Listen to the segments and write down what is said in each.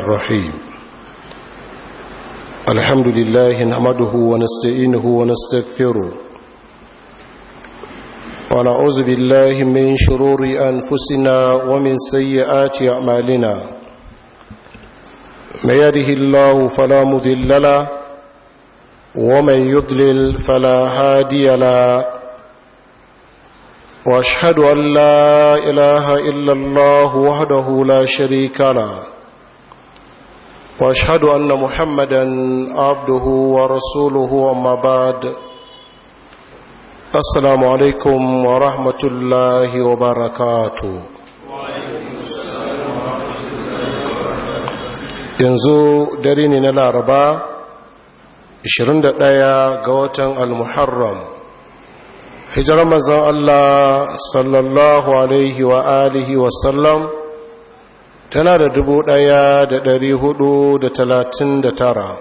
الرحيم الحمد لله نحمده ونستعينه ونستغفره ونعوذ بالله من شرور أنفسنا ومن سيئات أعمالنا من يده الله فلا مذل له ومن يضلل فلا هادي له واشهد ان لا اله الا الله وحده لا شريك له واشهد ان محمدا عبده ورسوله اما بعد السلام عليكم ورحمه الله وبركاته yanzu dare ne na laraba 21 ga watan al-muharram hijirar mazan allah sallallahu alaihi wa alihi wasallam tana da dubu ɗaya da ɗari hudu da talatin da tara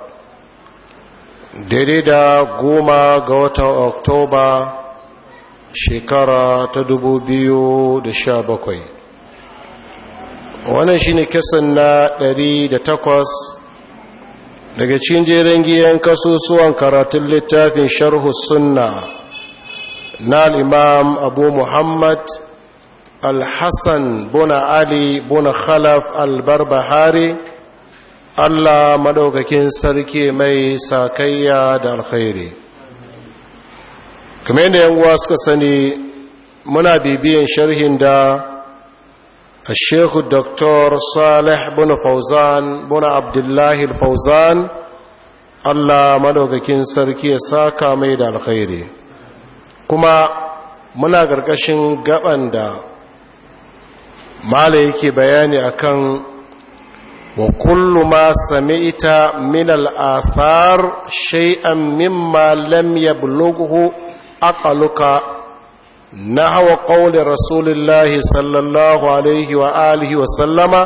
daidai da goma ga wata oktoba shekara ta dubu biyu da sha bakwai wannan shine kisan na ɗari da takwas daga cikin jerin giyan kasusuwan karatun littafin sharhu sunna na al'imam abu muhammad alhassan buna ali buna khalaf albarbahari allah maɗaukakin sarki mai sakayya da alkhairi da 'yan uwa suka sani muna bibiyan sharhin da الشيخ الدكتور صالح بن فوزان بن عبد الله الفوزان الله مدوكاكين سركي ساكا ميد الخير كما منا قرقشن قبن دا mala yake bayani akan wa kullu ma sami'ta min al-athar shay'an mimma lam yablughu aqaluka nahwa qawli rasulillahi sallallahu alaihi wa alihi wa sallama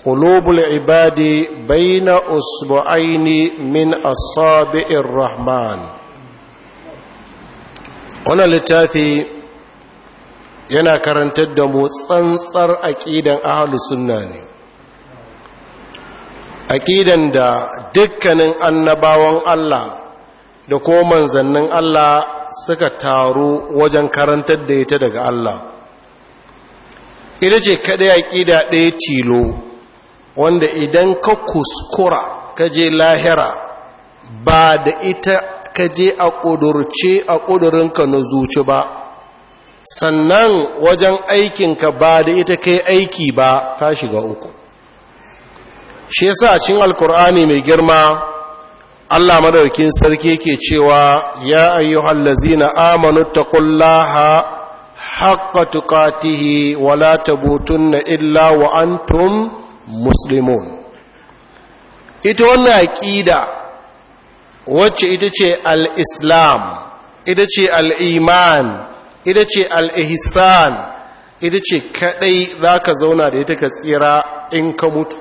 قلوب العباد بين أصبعين min أصابع rahman. هنا littafi. yana karantar da mu tsantsar aƙidan ahalus sunna ne aƙidan da dukkanin annabawan Allah da ko manzannin Allah suka taru wajen karantar da ita daga Allah ita ce kaɗai aƙida ɗaya tilo wanda idan ka kuskura ka je lahira ba da ita ka je a ƙudurce a ƙudurinka na zuci ba sannan wajen aikinka ba da ita kai aiki ba ka shiga uku shi yasa cin alkur'ani mai girma Allah madaukin sarki yake cewa ya ayyuhal ladzina amanu taqullaha haqqa tuqatihi wa la na illa wa antum muslimun ita wannan aqida wacce ita ce al-islam ita ce al-iman ita ce al'ihisan ita ce kaɗai za ka zauna da ita ka tsira in ka mutu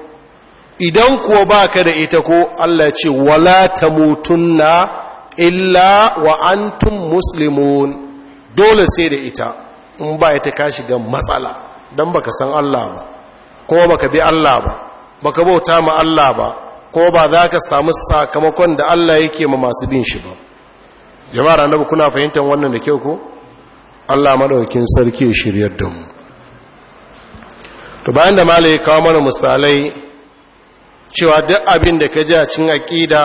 idan kuwa ba ka da ita ko Allah ce wala ta mutunna illa wa antum muslimun dole sai da ita in ba ita ka shiga matsala don baka san Allah ba ko baka bi Allah ba baka bauta ma Allah ba ko ba za ka samu sakamakon da Allah yake ma masu bin shi ba jama'ar annabi kuna fahimtar wannan da kyau ko Allah maɗaukin sarki ya shiryar da mu to bayan da ya kawo mana misalai cewa duk abin da ka ji a cikin aƙida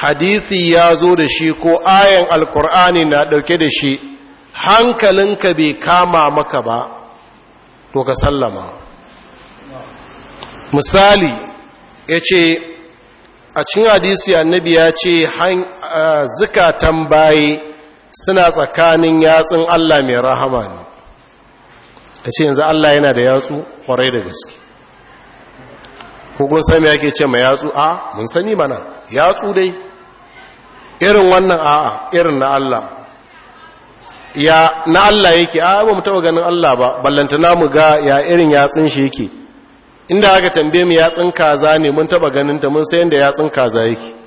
hadithi ya zo da shi ko ayan alkur'ani na ɗauke da shi hankalinka bai kama maka ba to ka sallama misali ya ce a cin hadisi annabi ya ce eh, zukatan baye suna tsakanin yatsun Allah mai rahama ne a ce yanzu Allah yana da yatsu kwarai da gaske kogon sami ake ce ma yatsu a mun sani mana yatsu dai irin wannan a'a irin na Allah ya na Allah yake a ba mu taba ganin Allah ba ballantana mu ga ya irin yatsun shi yake inda aka tambaye mu yatsun kaza ne mun taba ganin ta mun sayan da yatsun kaza yake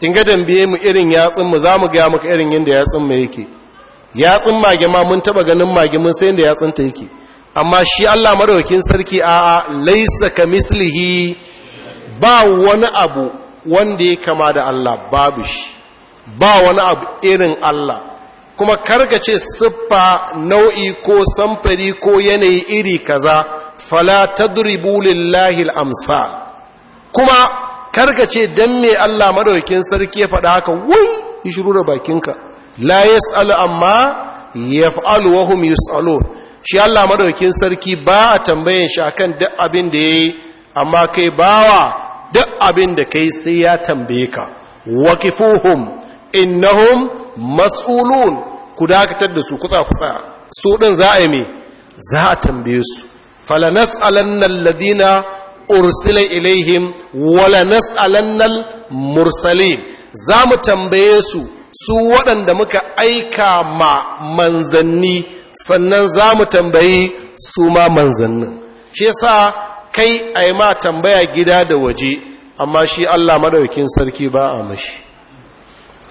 in ga dambiye mu irin yatsunmu za mu gaya maka irin yadda mu yake yatsun mage ma mun taba ganin mage mun sai yadda yatsunta yake amma shi Allah madaukakin sarki a a laisa ka mislihi ba wani abu wanda ya kama da Allah babu shi ba wani abu irin Allah kuma ce siffa nau'i ko samfari ko yanayi iri kaza fala tadribu lillahi al-amsal kuma karka ce dan me Allah maɗaukin sarki ya faɗa haka wai yi shiru da bakinka la ya tsalu amma ya fa'alu wa hum tsalu. shi Allah maɗaukin sarki ba a tambayin shi akan duk abin da yayi amma kai bawa duk abin da kai sai ya tambaye ka waqifuhum innahum matsulun ku dakatar da su kusa-kusa su ɗin za a yi me za a tambaye su alannan ladina ursila ilaihim wala nas'alannal mursalin za mu tambaye su su waɗanda muka aika ma manzanni sannan za mu tambayi su ma manzannin shi yasa kai a ma tambaya gida da waje amma shi allah maɗaukin sarki ba a mashi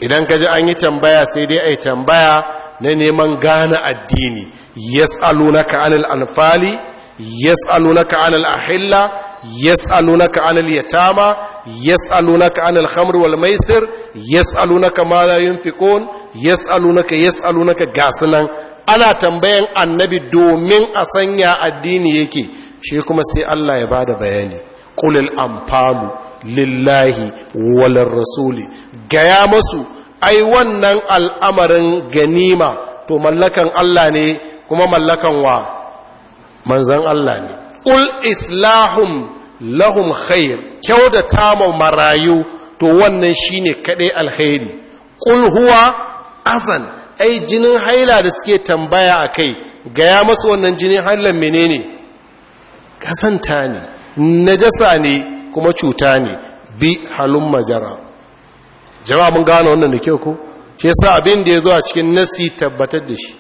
idan ka ji an yi tambaya sai dai a tambaya na neman gane addini yas'alunaka anil anfali yas'alunaka 'anil ahilla yas'alunaka 'anil yatama yas'alunaka 'anil khamri wal maisir yas'alunaka ma la yunfiqun yas'alunaka yas'alunaka gasunan ana tambayan annabi domin a sanya addini yake shi kuma sai Allah ya bada bayani qulil amfalu lillahi wal rasuli gaya masu ai wannan al'amarin ganima to mallakan Allah ne kuma mallakan wa manzan Allah ne ul islahun lahun khair da tamo marayu to wannan shi ne kaɗai alkhairi ƙul huwa azan ai jinin haila da suke tambaya a akai gaya masu wannan jinin hailan menene kasanta ne najasa ne kuma cuta ne bi halun majara jama'a mun gano wannan da kyau ko shi yasa abin da ya zo a cikin nasi tabbatar da shi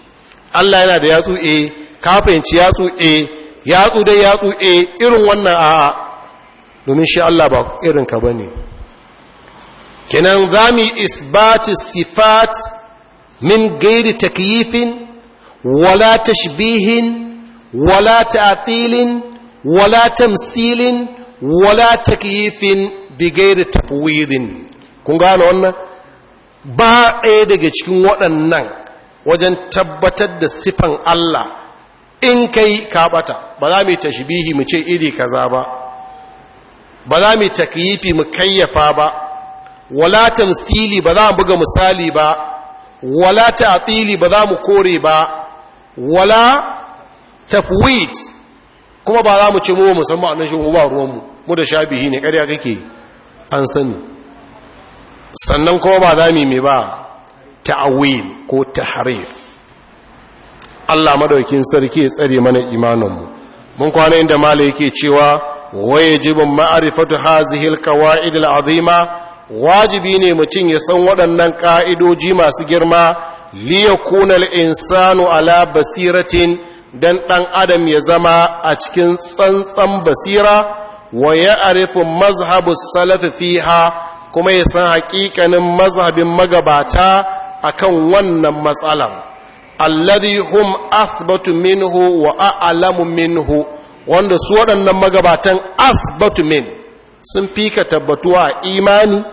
Allah yana da yatsu eh ka fahimci yatsu e yatsu dai yatsu eh, irin wannan a'a domin shi Allah ba irin ka ne. kenan zami isbati sifat min gairi takyifin wala tashbihin wala ta'tilin wala tamsilin wala takyifin bi gairi tafwidin kun gane wannan ba ɗaya daga cikin waɗannan wajen tabbatar da sifan Allah in kai kabata ba za mu tashbihi mu ce iri kaza ba ba za mu takyifi mu kayyafa ba wala tamsili ba za mu buga misali ba wala ta'tili ba za mu kore ba wala tafwid kuma ba za mu ce mu musamman annan shi ruwan mu mu da shabihi ne karya kake an sani sannan kuma ba za mu yi ba ta'awil ko tahrif Allah madaukin sarki ya tsare mana imaninmu mun kwana inda mala yake cewa wajibu ma'rifatu hazihil qawaid al'azima wajibi ne mutum ya san waɗannan ka'idoji masu girma li yakuna al-insanu ala basiratin dan dan adam ya zama a cikin tsantsan basira wa ya'rifu mazhabu salaf fiha kuma ya san haƙiƙanin mazhabin magabata akan wannan matsalan alladhi hum athbatu minhu wa a'lamu minhu wanda su waɗannan magabatan asbatu min sun fika tabbatuwa a imani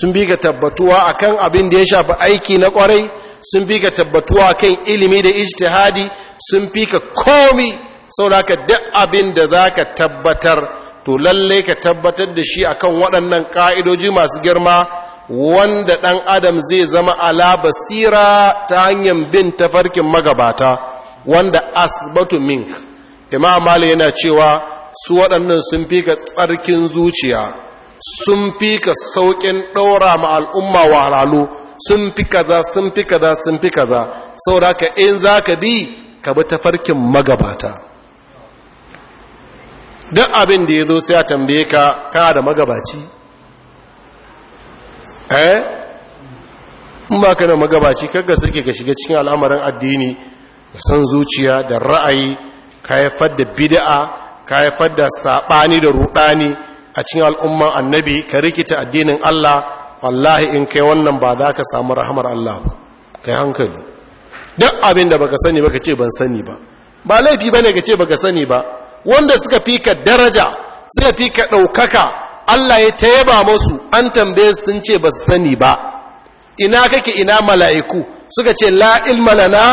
sun fi tabbatuwa a kan abin da ya shafi aiki na kwarai, sun fi tabbatuwa a kan ilimi da ijtihadi sun fi ka komi sauraka duk abin da za ka tabbatar to lallai ka tabbatar da shi akan waɗannan ƙa'idoji masu girma wanda ɗan adam zai zama ala basira ta hanyar bin tafarkin magabata wanda asibatu mink imam mali yana cewa su waɗannan sun fi ka tsarkin zuciya sun fi ka sauƙin ɗaura ma al'umma wahalhalu sun fi kaza sun fi kaza sun fi kaza saboda ka in za ka bi ka bi tafarkin magabata duk abin da ya zo sai a tambaye ka ka da magabaci eh in ba ka na magabaci kaga suke ka shiga cikin al'amarin addini da san zuciya da ra'ayi ka haifar da bida'a, ka haifar da sabani da rudani a cikin al'umman annabi ka rikita addinin Allah wallahi in kai wannan ba za ka samu rahmar Allah ba kai hankali duk abin da baka sani baka ce ban sani ba ba laifi bane ka ce baka sani ba wanda suka fi ka daraja suka fi ka ɗaukaka Allah ya tayaba musu an tambaye sun ce ba su sani ba ina kake ina mala'iku suka ce la ilma lana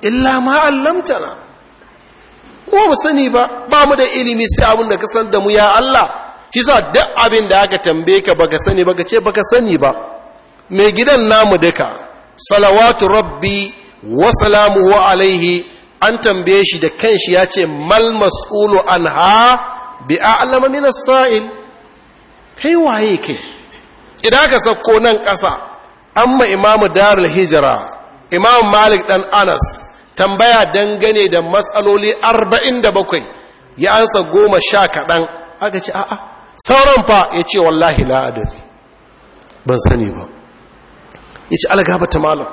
illa ma allamtana ko ba sani ba ba mu da ilimi sai abin da ka san da mu ya Allah Kisa sa duk abin da aka tambaye ka baka sani baka ce baka sani ba mai gidan namu duka salawatu rabbi wa salamu wa alaihi an tambaye shi da kanshi ya ce mal mas'ulu anha bi a'lama min as-sa'il kai waye kai idan aka sako nan ƙasa amma imamu darul hijra imamu malik dan anas tambaya dangane da matsaloli arba'in ya ansa goma sha kaɗan aka ce a'a sauran fa ya ce wallahi la'adari ban sani ba ya ce algaba ta malam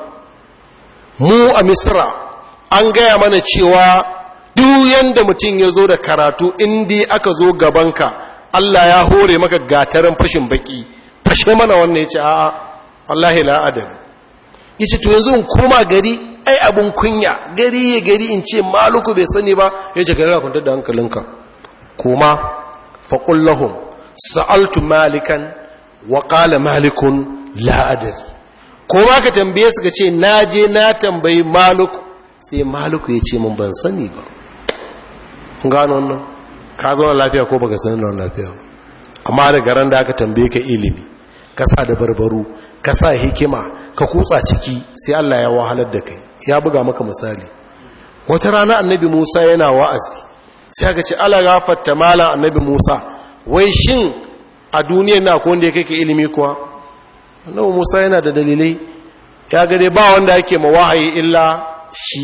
mu a misra an gaya mana cewa duk yadda mutum ya zo da karatu indi aka zo gabanka Allah ya hore maka gatarin fashin baki fashe mana wannan yace a'a wallahi la Ya ce to yanzu in koma gari ai abin kunya gari ya gari in ce maluku bai sani ba ce gari ka da hankalinka koma faqul sa'altu malikan wa ƙala malikun la koma ka tambaye su ka ce je na tambayi maluku sai maluku ya ce mun ban sani ba gano wannan ka zauna lafiya ko baka sanin nan lafiya amma da garan da aka tambaye ka ilimi ka sa da barbaru ka sa hikima ka kutsa ciki sai Allah ya wahalar da kai ya buga maka misali wata rana annabi Musa yana wa'azi sai aka ce ala gafarta mala annabi Musa wai shin a duniyar na ko wanda ya kake ilimi kuwa annabi Musa yana da dalilai ya gare ba wanda yake ma wahayi illa shi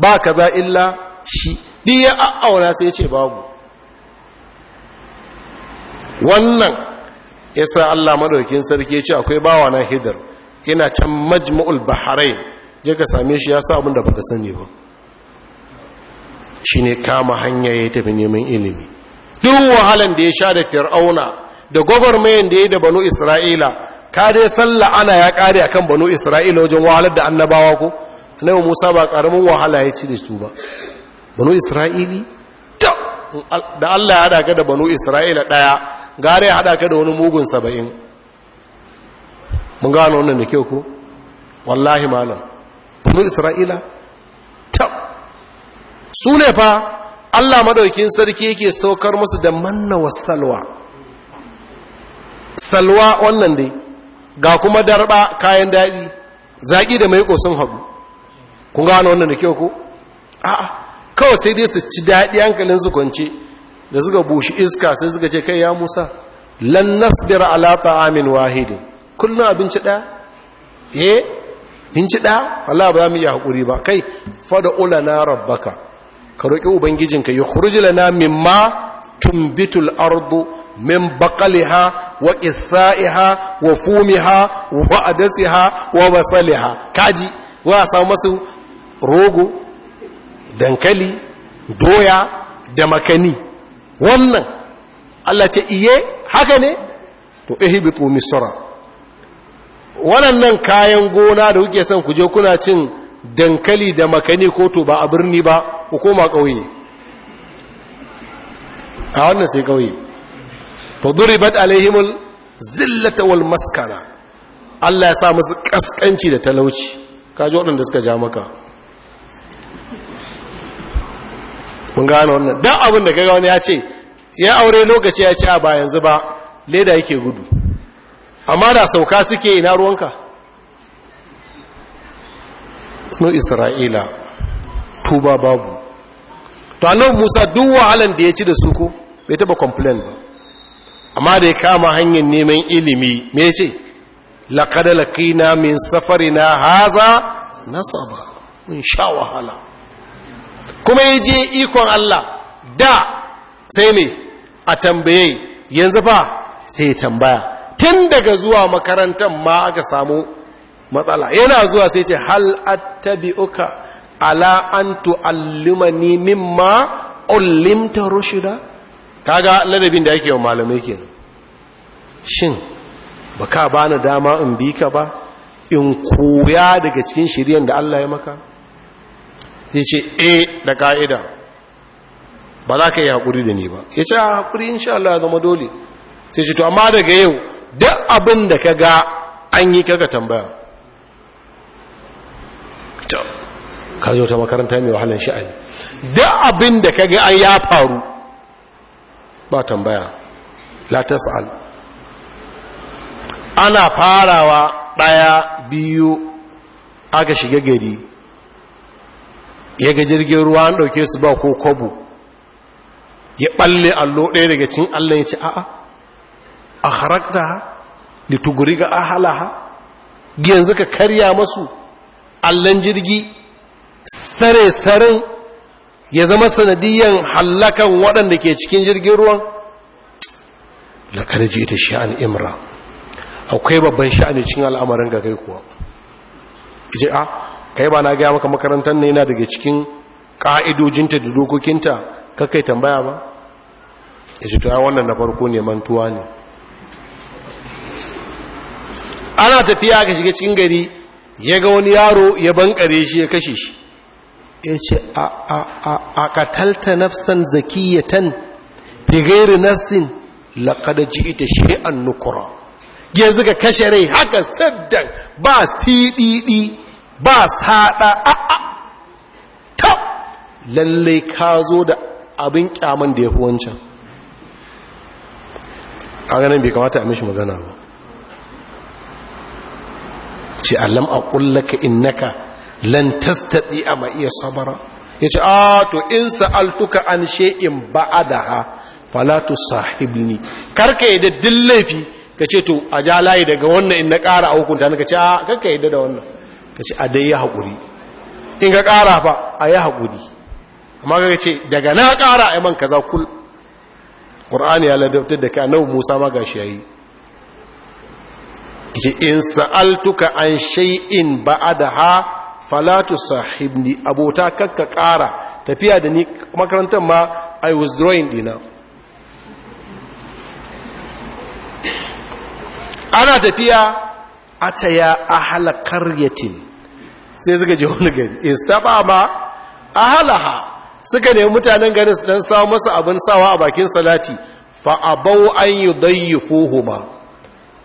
ba kaza illa shi diya ya a'auna sai ya ce babu wannan ya sa Allah madaukin sarki ya ce akwai bawa na hidar yana can majmu'ul bahrain je ka same shi ya sa abin da baka sani ba Shi ne kama hanya ya tafi neman ilimi duk wahalan da ya sha da fir'auna da gwagwarmayan da ya yi da banu isra'ila ka dai salla ana ya kare kan banu isra'ila wajen wahalar da annabawa ko annabi musa ba karamin wahala ya ci da su ba banu isra'ili da Allah ya daga da banu isra'ila ɗaya. gare ya haɗa ka da wani mugun saba'in mun gano wannan da kyau ku wallahi malam kuma isra'ila ta su ne fa allah maɗaukin sarki yake saukar musu da manna wa salwa salwa wannan dai ga kuma darba kayan daɗi zaƙi da maiko sun haɗu kun gano wannan da kyau ku a'a kawai sai dai su ci daɗi hankalin su kwance da suka bushi iska sai suka ce kai ya musa lan nasbira ala ta'amin wahidin kullun abinci daya eh binci ɗaya wallahi ba mu yi hakuri ba kai fada ulana rabbaka ka roki ubangijinka yukhruj lana mimma tumbitul ardu min baqaliha wa qithaiha wa fumiha wa adasiha wa basaliha kaji wa samu masu rogo dankali doya da makani wannan Allah ce iye haka ne to ihbitu misra wannan kayan gona da kuke son ku je kuna cin dankali da makani ko to ba a birni ba ku koma kauye a wannan sai kauye to duribat alaihimul zillata wal maskana Allah ya sa musu kaskanci da talauci kaji waɗanda suka ja maka mun gane wannan dan abin da kaga wani ya ce ya aure lokaci ya ce a ba yanzu ba leda yake gudu amma da sauka suke ina ruwanka no isra'ila tuba babu to annabi Musa duk wahalan da ya ci da su ko bai taba complain ba amma da ya kama hanyar neman ilimi me ce laqad laqina min safarina haza nasaba mun sha wahala kuma ya je ikon Allah da sai me a tambaye yanzu ba sai tambaya tun daga zuwa makarantar ma aka samu matsala yana zuwa sai ce hal attabi'uka ala an tu'allimani mimma ullimta rushida kaga ladabin da yake wa malamai kenan shin baka bani dama in bi ka ba in koya daga cikin shiryan da Allah ya maka ya ce e da ka'ida ba za ka yi haƙuri da ni ba ya ce ah, haƙuri insha Allah zama dole sai ce to amma daga yau duk abin da ka ga an yi kaga tambaya ka zo ta makaranta mai wahalar sha'ani duk abin da ka ga an ya faru ba tambaya la sa'al ana farawa ɗaya biyu aka shiga gari ya ga jirgin ruwa an ɗauke su ba ko kwabo ya ɓalle allo ɗaya daga cin allon ya ce a'a a harakta ha lituguri ga ahala yanzu ka karya masu allon jirgi sare-saren ya zama sanadiyyar hallakan waɗanda ke cikin jirgin ruwan lakarji ta sha'an imra akwai babban sha'ani cin al'amarin ga kai kuwa ije a kai ba na gaya maka makarantar ne yana daga cikin ƙa'idojinta da dokokinta kakai tambaya ba ya ce tuwa wannan na farko ne mantuwa ne ana tafiya ka shiga cikin gari ya ga wani yaro ya bankare shi ya kashe shi ya ce a katalta nafsan zakiyatan bigairu nafsin laƙada ji ita shi'an nukura yanzu ka kashe rai haka saddan ba siɗiɗi ba saɗa a ta lallai ka zo da abin kyaman da ya fi wancan a ganin bai kamata a mishi magana ba ce alam a ƙullaka innaka ɗi a ma iya sabara ya ce a to in sa'altuka an she'in ba'a da ha falatu sahibni karka yi da dillafi ka ce to a ja layi daga wannan in na ƙara a hukunta na ka ce a karka yi da wannan ka ce a dai ya haƙuri in ka ƙara ba a ya haƙuri amma ka ce daga na ƙara a man kaza kul ƙur'ani ya ladabtar da ka nau musa ma gashi ya yi ce in sa'altuka an shay'in da ha falatu sahibni abota kakka ƙara tafiya da ni makarantar ma i was drawing dina ana tafiya a taya a halakar yatim sai suka je wani gari a halaha suka nemi mutanen garin su dan samu masa abin sawa a bakin salati fa abau an yudayyifuhuma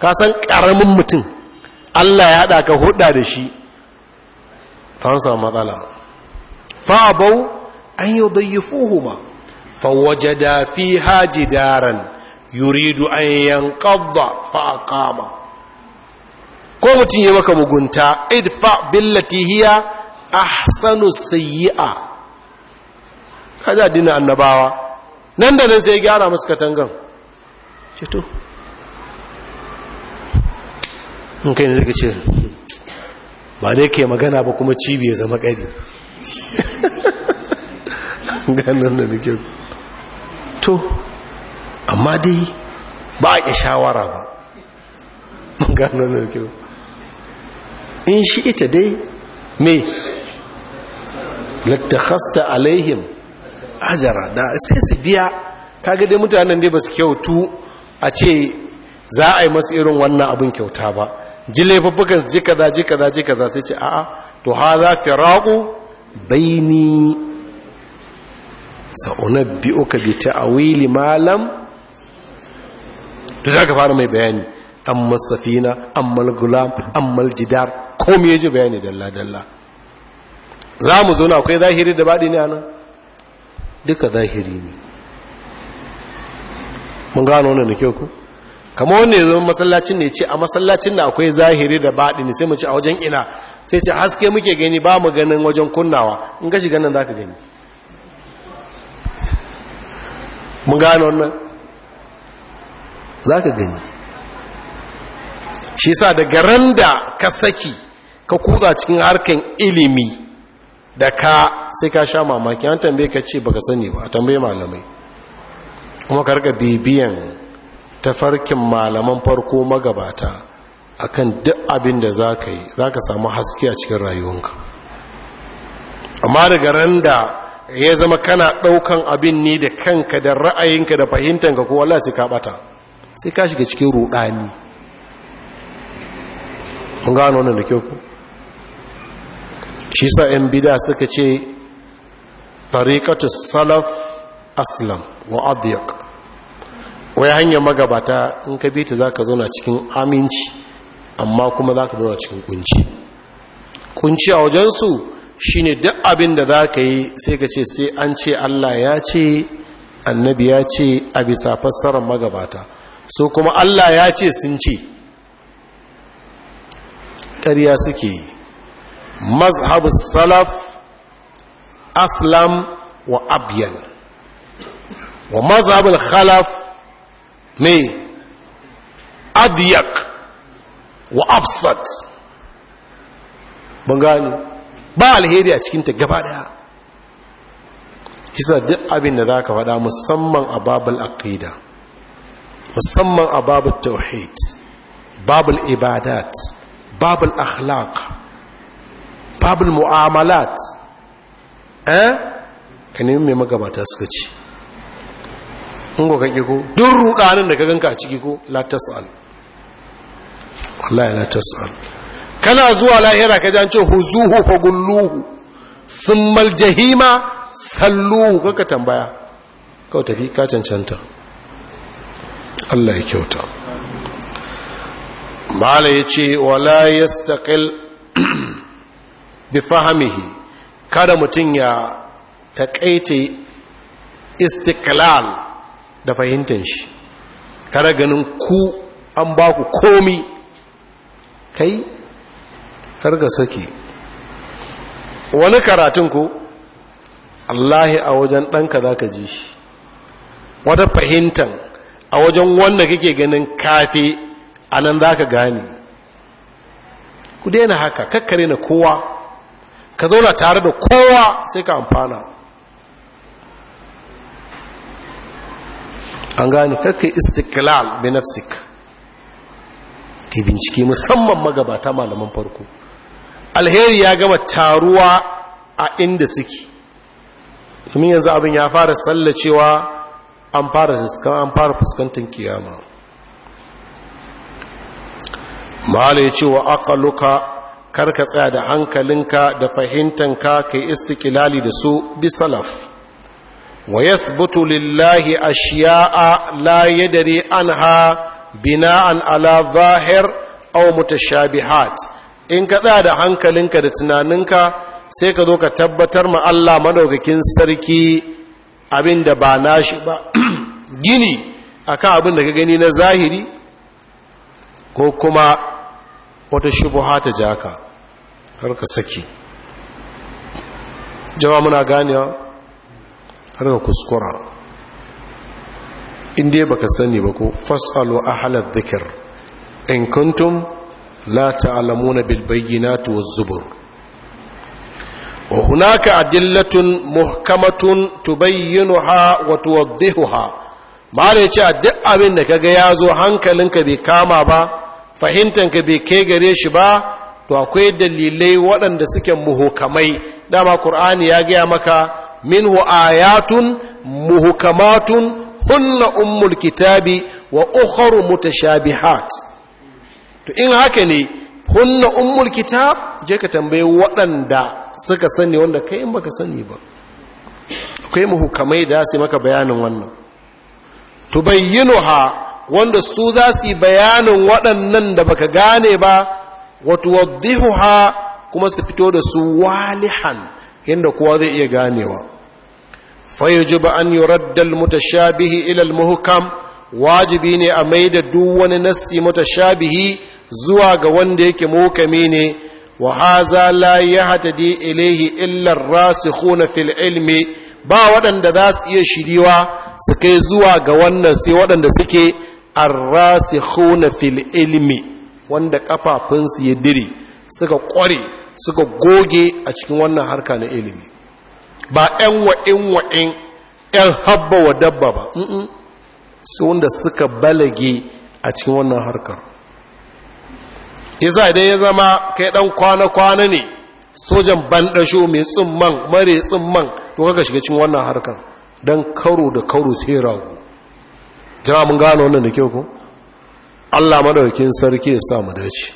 ka san karamin mutum Allah ya haɗa ka huɗa da shi ta samu matsala fa abau an fuhuma fa wajada fiha jidaran yuridu an yanqadda fa a kama. ko mutum ya maka mugunta idfa billati hiya ahsanu sayyi'a kaza dina annabawa nan da nan sai gyara musu katangan ce to Mun kai ne zaka ce ba dai ke magana ba kuma cibi ya zama kadi ganin nan nake to amma dai ba a shawara ba ganin nan nake in shi ita dai me lattakhasta alaihim ajara da sai su biya kaga dai mutanen dai ba su kyautu a ce za a yi masu irin wannan abin kyauta ba ji babbakan ji kaza ji kaza ji kaza sai ce a'a to ha za firaku baini ka bi ta'wili malam to za ka fara mai bayani amma safina amma gulam amma jidar komai ya ji bayani dalla-dalla za mu zo na akwai zahiri da baɗi ne a nan duka zahiri ne mun gano wani da kyau ku kama wanda ya zama masallacin ne ce a masallacin da akwai zahiri da baɗi ne sai mu ce a wajen ina sai ce haske muke gani ba mu ganin wajen kunnawa in ka shiga nan za ka gani mun gano wannan za ka gani shi sa daga ran da ka saki ka kuka cikin harkan ilimi da ka sai ka sha mamaki an tambaye ka ce baka sani ba a tambaye malamai kuma ka rika bibiyan tafarkin malaman farko magabata akan duk abin da za ka yi za ka samu haske a cikin rayuwanka amma daga ran da ya zama kana ɗaukan abin ne da kanka da ra'ayinka da fahimtanka ko wallah sai ka bata sai ka shiga cikin ruɗani kun gano wannan da kyau shi sa 'yan bida suka ce salaf aslam wa adiyak wai hanyar magabata in ka bi ta za ka zauna cikin aminci amma kuma za ka zauna cikin kunci kunci a wajen su shine duk abin da za ka yi sai ka ce sai an ce allah ya ce annabi ya ce a bisa fassarar magabata so kuma allah ya ce sun ce ƙarya suke yi mazhabu salaf aslam wa abyan wa mazhabul khalaf ne adiyak wa absat ban ba alheri a cikinta gaba daya kisa duk abin da za ka faɗa musamman a babul aqida musamman a babul tauhid babul ibadat babul akhlaq babul mu'amalat eh ka mai magabata suka ci in ko kake ko duk rudanin da ka ganka a ciki ko la tas'al wallahi la tas'al kana zuwa lahira ka ji an ce huzuhu fa gulluhu thumma jahima salluhu kaka tambaya kawai tafi ka cancanta Allah ya kyauta mala ya ce wala ya staƙil bi kada mutum ya taƙaita istiklal da fahimtar shi kada ganin ku an ba ku komi kai karga sake wani karatun ku Allahi a wajen ɗanka za ka ji shi wata fahimtar a wajen wanda kake ganin kafe a nan za ka gane ku daina haka kakkare na kowa ka zauna tare da kowa sai ka amfana an gane kakkai istiklal nafsik. ke bincike musamman magabata malaman farko alheri ya gama taruwa a inda suke domin yanzu abin ya fara tsallacewa an fara fuskantar kiyama malai cewa ce wa ka karka tsaya da hankalinka da fahimtanka kai istiklali da su bi salaf wa yathbutu lillahi ashiya'a la yadri anha bina'an ala zahir aw mutashabihat in ka tsaya da hankalinka da tunaninka sai ka zo ka tabbatar ma Allah madaukakin sarki abin da ba nashi ba gini akan abin da ka gani na zahiri ko kuma wata shubuha ta ja ka har ka saki jama muna ganewa har ka kuskura inda baka sani ba ko fasalu ahlal dhikr in kuntum la ta'lamuna bil bayyinati waz zubur wa hunaka adillatun muhkamatun tubayyinuha wa tuwaddihuha Mare ce duk abin da kaga yazo hankalinka bai kama ba fahimtanka bai kai gare shi ba to akwai dalilai waɗanda suke muhukamai dama ƙur'ani ya gaya maka minhu ayatun muhukamatun hunna ummul kitabi wa ukharu mutashabihat to in haka ne hunna ummul kitab je ka tambaye waɗanda suka sani wanda kai in baka sani ba akwai muhukamai da su maka bayanin wannan tubayyinuha wanda su za su yi bayanin waɗannan da baka gane ba wato waddihuha kuma su fito da su walihan inda kowa zai iya ganewa ba an yi raddal mutashabihi ilal muhukam wajibi ne a maida duk wani nassi mutashabihi zuwa ga wanda yake mukami ne wa haza la yahtadi ilayhi illa ar-rasikhuna fil ilmi ba waɗanda za su iya shiriwa su kai zuwa ga wannan sai waɗanda suke Arrasi arrasikhuna fil ilimi wanda kafafunsu ya dire suka kware suka goge a cikin wannan harka na ilimi ba 'yan wa'in wa'in 'yan habba wa dabba ba su wanda suka balage a cikin wannan harkar isa idan ya zama kai ɗan kwana-kwana ne sojan banɗasho mai tsumman mare tsumman to kaka shiga cikin wannan harkar don karo da karo sai ragu jama'a mun gano wannan da kyau ku. Allah madaukakin sarki ya sa mu dace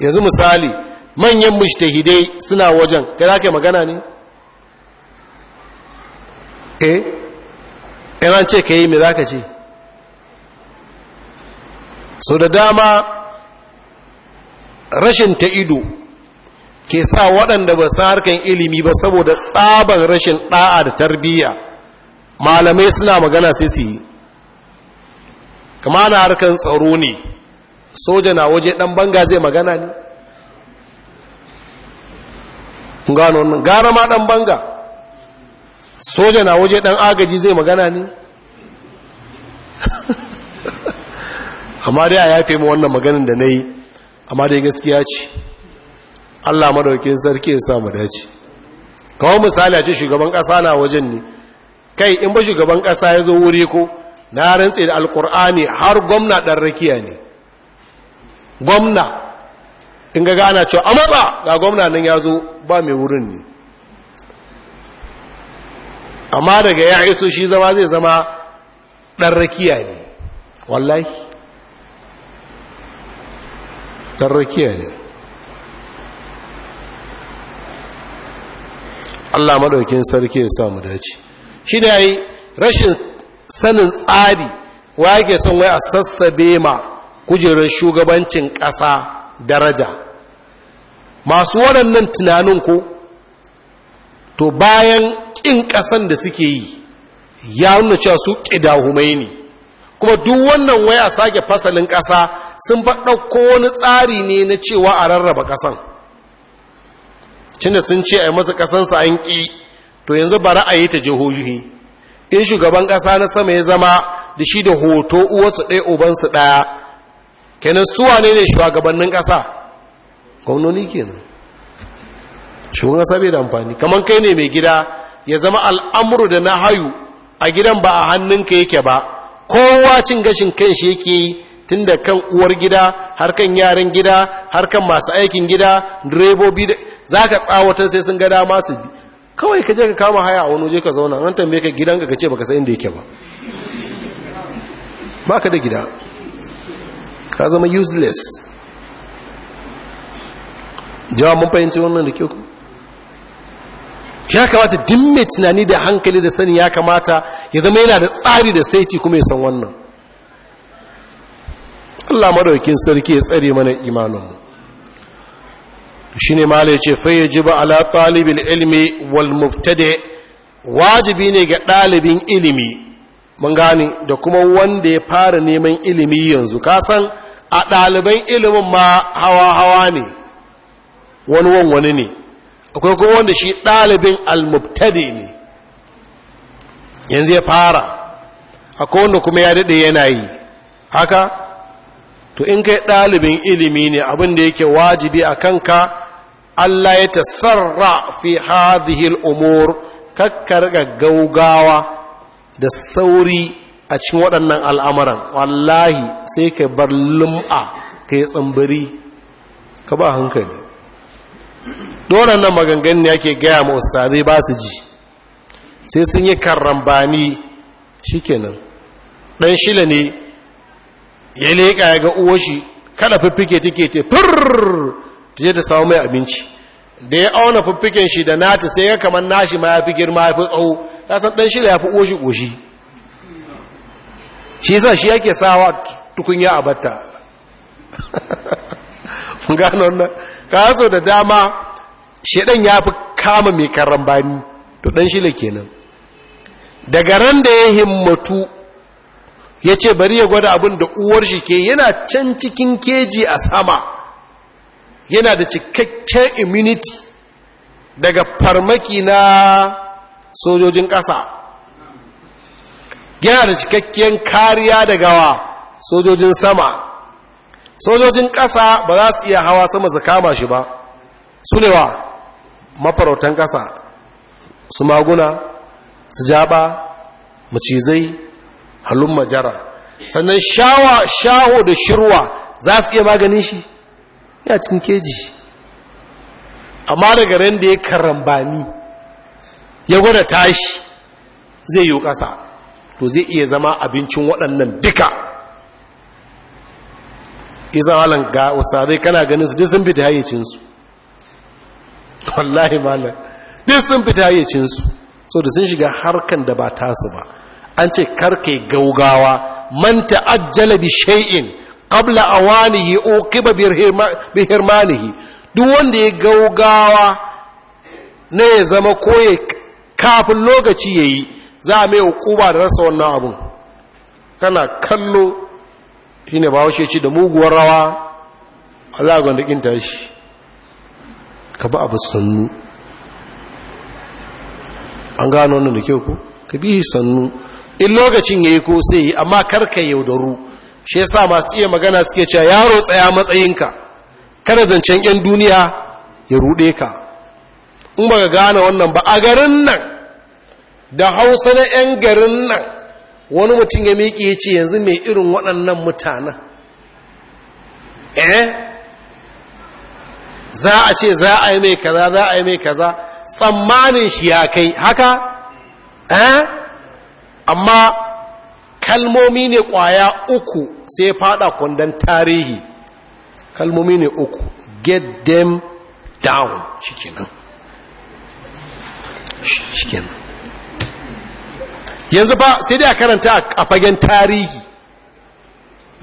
yanzu misali manyan mujtahidai suna wajen kai zaka yi magana ne eh iran ce kai me zaka ce so da dama rashin ta ido ke sa waɗanda ba su harkan ilimi ba saboda tsaban rashin ɗa'a da tarbiyya malamai suna magana sai su yi kama na harkar tsaro ne soja na waje dan banga zai magana ne gano wannan gara ma dan banga soja na waje dan agaji zai magana ne amma dai a yafe mu wannan maganin da na yi amma dai gaskiya ce allah madaukin sarki ya samu dace kawai misali a ce shugaban ƙasa na wajen ne kai in ba shugaban ƙasa ya zo wuri ko na rantse da alkur'ani har gwamna ɗan rakiya ne gwamna in ga gana cewa a matsa ga gwamna nan ya zo ba mai wurin ne amma daga ya iso shi zama zai zama ɗan rakiya ne wallahi ɗan rakiya ne Allah maɗaukin sarki ya samu dace shi da yi rashin sanin tsari wa yake son wai a sassabe ma kujerar shugabancin ƙasa daraja masu waɗannan tunanin ko to bayan ƙin ƙasan da suke yi ya nuna cewa su ƙidahumai ne kuma duk wannan waya a sake fasalin ƙasa sun faɗauko wani tsari ne na cewa a rarraba ƙasan cinda sun ce a yi masa ƙasansa an ƙi to yanzu ba a ta jihohi in shugaban ƙasa na sama ya zama da shi da hoto uwarsu ɗaya ubansu ɗaya kenan suwa ne ne shugabannin ƙasa gwamnoni kenan shugaban ƙasa bai da amfani kamar kai ne mai gida ya zama al'amuru da na hayu a gidan ba a hannunka yake ba kowa cin gashin kan shi yake yi tun da kan uwar gida har kan yaran gida har kan masu aikin gida direbobi za ka tsawatar sai sun ga dama su kawai ka je ka kama haya a wani waje ka zauna an tambaye ka gidanka ka ce baka san inda yake ba baka da gida ka zama useless jawa mun fahimci wannan da kyau ya kamata din mai tunani da hankali da sani ya kamata ya zama yana da tsari da saiti kuma ya san wannan Allah madaukin sarki ya tsare mana mu. shi ne mala ce faye ji ba ala talibin ilmi wal wajibi ne ga ɗalibin ilimi mun gane da kuma wanda ya fara neman ilimi yanzu kasan a ɗaliban ilimin ma hawa-hawa ne wani wani ne akwai kuma wanda shi ɗalibin almubtade ne yanzu ya fara akwai wanda kuma ya daɗe yana yi haka to in kai ɗalibin ilimi ne abin da yake wajibi a kanka Allah ya sarra fi hadhihi umur kakkarga gaugawa da sauri a cikin waɗannan al'amuran wallahi sai ka bar lum'a ka yi tsambari ka ba hankali Dole nan ne yake gaya ma ustazai ba su ji sai sun yi karambani kenan ɗan shi ne ya leƙa ya ga uwashi kada fiffike take te furr ta je ta samu mai abinci da ya auna fiffiken shi da nata sai ya kamar nashi ma ya fi girma ya fi tsawo ta san ɗan shi da ya fi uwashi ƙoshi shi yasa shi yake sawa tukunya a batta gano nan kaso da dama shi ɗan ya fi kama mai karambani bani to ɗan shi kenan daga ran da ya himmatu ya ce bari ya gwada abin da uwar shi ke yana can cikin keji a sama yana da cikakken immunity daga farmaki na sojojin ƙasa yana da cikakken kariya daga wa sojojin sama sojojin ƙasa ba za su iya hawa sama su kama shi ba su ne wa mafarautan ƙasa su maguna su jaba macizai halun majara sannan shawa shaho da shirwa za su iya maganin shi ya cikin keji amma daga ran da ya karambani ya gwada tashi zai yi ƙasa to zai iya zama abincin waɗannan duka Iza halin ga wasarai kana ganin su sun fita hayyacinsu wallahi malam duk sun fita hayyacinsu so da sun shiga harkan da ba tasu ba an ce karkai gaugawa man ta'ajjala bi shay'in qabla awanihi uqiba bi hirmanihi duk wanda ya gaugawa ne ya zama koye kafin lokaci yayi za a mai hukuma da rasa wannan abun kana kallo shine ba washe ci da muguwar rawa Allah ga kinta tashi ka ba abu sannu an gano wannan da kyau ko ka bi sannu in lokacin ya yi ko sai yi amma karka yaudaru shi sa masu iya magana suke cewa yaro tsaya matsayinka kada zancen 'yan duniya ya ruɗe ka in ba gane wannan ba a garin nan da hausa na 'yan garin nan wani mutum ya miƙe ya ce yanzu mai irin waɗannan mutanen eh za a ce za a yi mai kaza za a yi mai kaza tsammanin shi ya kai haka eh amma kalmomi ne kwaya uku sai ya fada kwandon tarihi kalmomi ne uku get them down shikenan shikenan yanzu ba sai dai a karanta a fagen tarihi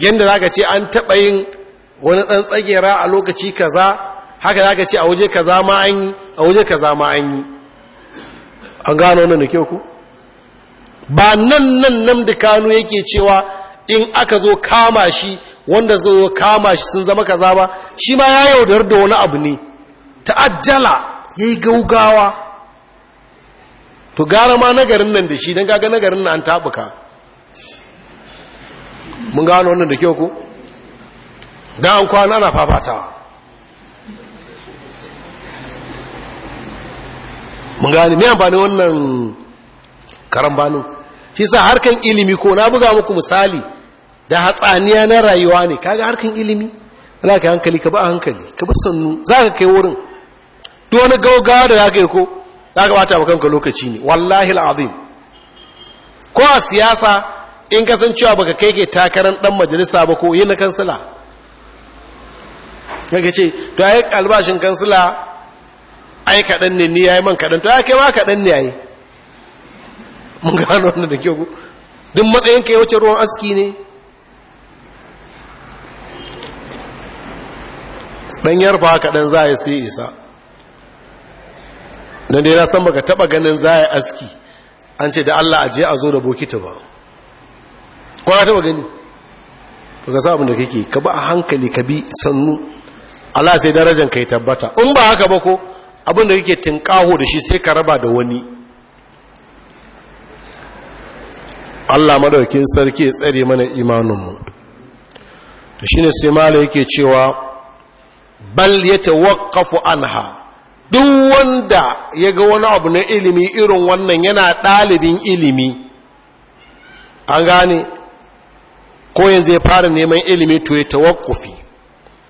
yadda za ka ce an taɓa yin wani ɗan tsagera a lokaci kaza haka za ka ce a waje kaza ma an a waje kaza ma an an gano wani da kyau ku ba nan nan nan da kano yake cewa in aka zo kama shi wanda suka zo kama shi sun zama kaza ba shi ma ya yaudar da wani abu ne ta'ajjala yi gaugawa to gara ma nagarin nan da shi don gaga nagarin nan an tabuka mun gano wannan da kyau ko da an kwana na fafatawa mun gani me amfani wannan karambanin shi sa harkan ilimi ko na buga muku misali da hatsaniya na rayuwa ne kaga harkan ilimi ana ka hankali ka ba hankali ka bi sannu za ka kai wurin duk wani gaugawa da za ka yi ko za ka bata kanka lokaci ne wallahi al'azim ko a siyasa in kasancewa baka kai ke takarar dan majalisa ba ko yin na kansila kaga ce to ai albashin kansila ai kaɗan ne ni yayi man kaɗan to ai kai ma kaɗan ne yayi mun gano wannan da kyau duk ka yi wacce ruwan aski ne ɗan haka ɗan za a sai isa don dai na san baka taɓa ganin za a aski an ce da allah aje a zo da bokita ba ka taɓa gani to ka sa abin da kake ka ba a hankali ka bi sannu allah sai darajan ka yi tabbata in ba haka ba ko abin da kake tinkaho da shi sai ka raba da wani Allah madaukin sarki ya tsare mana imaninmu to shine sai mala yake cewa bal yatawaqqafu anha duk wanda yaga wani abu na ilimi irin wannan yana dalibin ilimi an gane ko yanzu ya fara neman ilimi to ya tawaqqufi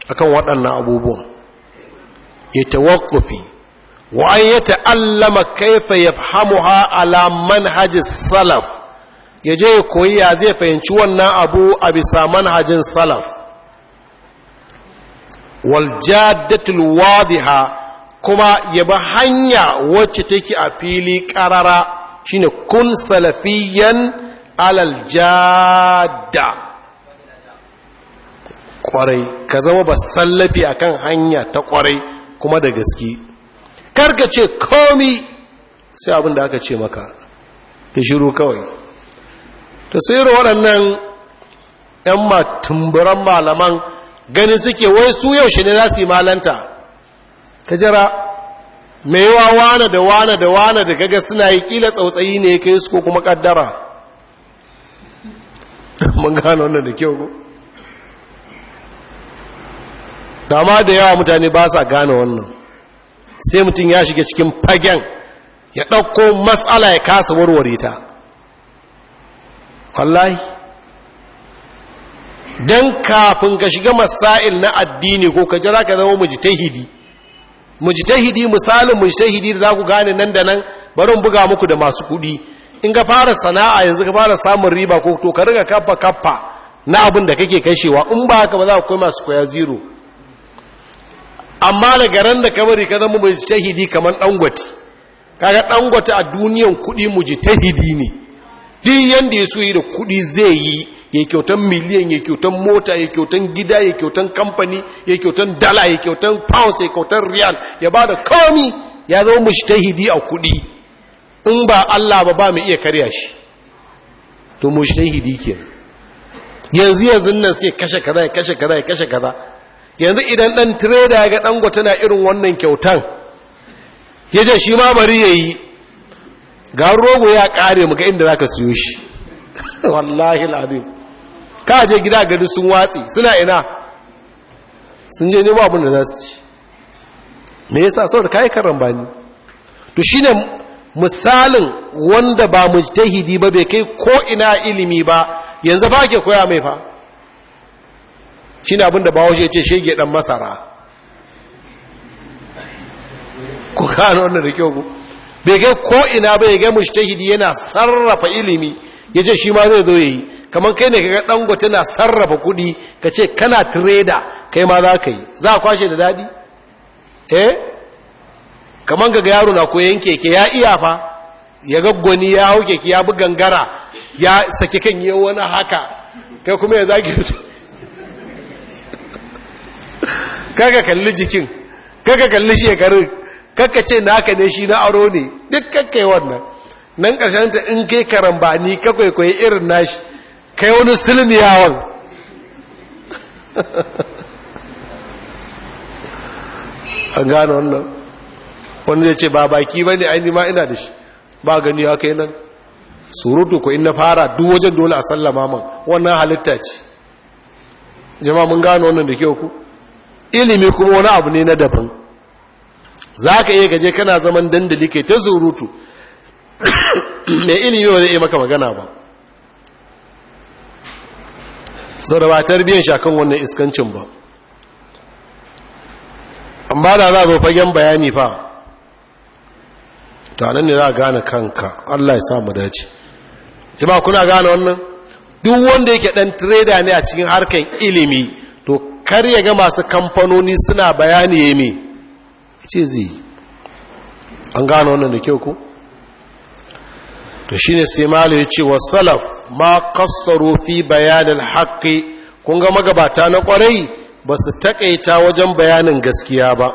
akan waɗannan abubuwan ya tawaqqufi wa an yata'allama kayfa yafhamuha ala manhajis salaf ya je ya koyi ya zai fahimci wannan abu a bisa manhajin salaf waljadatul wadiha kuma ya ba hanya wacce take a fili karara shine kun salafiyan alal jadda kwarai ka zama ba sallafi akan hanya ta kwarai kuma da gaske ka ce komi sai abin da aka ce maka ya shiru kawai to sai waɗannan 'yan matumburan malaman ganin suke wai su yaushe ne za su yi malanta ka jira mai yawa wane da wane da wane da gaga suna yi kila tsautsayi ne ya kai su ko kuma kaddara mun gano wannan da kyau ko dama da yawa mutane ba sa gane wannan sai mutum ya shiga cikin fagen ya ɗauko matsala ya kasa warware ta wallahi don kafin ka shiga masail na addini ko ka jira ka zama mujtahidi mujtahidi misalin mujtahidi da za ku gane nan da nan barin buga muku da masu kuɗi in ka fara sana'a yanzu ka fara samun riba ko to ka riga kafa kaffa na abin da kake kashewa in ba haka ba za ku kai masu koya zero amma daga ran da ka bari ka zama mujtahidi kamar dangwati kaga dangwati a duniyan kuɗi mujtahidi ne duk yanda ya so yi da kuɗi zai yi ya kyautan miliyan ya kyautan mota ya kyautan gida ya kyautan kamfani ya kyautan dala ya kyautan pounds ya kyautan riyal ya ba da komi ya zama mushtahidi a kuɗi in ba Allah ba ba mu iya karya shi to mushtahidi kenan yanzu yanzu nan sai kashe kaza ya kashe kaza ya kashe kaza yanzu idan dan trader ga dango na irin wannan kyautan ya je shi ma bari yayi ga rogo ya kare muka inda za ka siyo shi wallahi al'adim ka je gida gari sun watsi suna ina sun je nemo abin da za su ci me yasa saboda kayi karan bani to shi ne misalin wanda ba mu hidi ba bai kai ko ina ilimi ba yanzu ba ke koya mai fa ne abin da bawo ce shege dan masara ku kano wannan da kyau ku bai ko ina bai ga mujtahidi yana sarrafa ilimi yace shi ma zai zo yayi kamar kai ne kaga dangote na sarrafa kudi kace kana trader kai ma za ka yi za a kwashe da dadi eh kamar kaga yaro na koyan keke ya iya fa ya gaggoni ya hau keke ya bi gangara ya saki kan yi wani haka kai kuma ya zagi kaga kalli jikin kaga kalli shekarun kakka ce naka ne shi na aro ne duk kakkai wannan nan ƙarshen ta in kai karambani kakwai kwaye irin nashi kai wani yawon. an gane wannan wani zai ce ba baki ba ne aini ma ina da shi ba gani ya kai nan surutu ko in na fara duk wajen dole a sallama man wannan halitta ce jama mun gano wannan da kyau ku ilimi kuma wani abu ne na daban za ka iya gaje kana zaman dandali kai ta surutu mai ilimi ba zai iya maka magana ba sau da ba tarbiyyar shakan wannan iskancin ba amma da za a zo fagen bayani fa tanan ne za a gane kanka allah ya samu dace jama kuna gane wannan duk wanda yake dan trader ne a cikin harkar ilimi to kar ya ga masu kamfanoni suna bayani ya mai ce zai an gano wannan da kyau ku to shine sai Malam ya ce wa salaf ma kassaro fi bayanin haƙƙi kun ga magabata na ƙwarai ba su taƙaita wajen bayanin gaskiya ba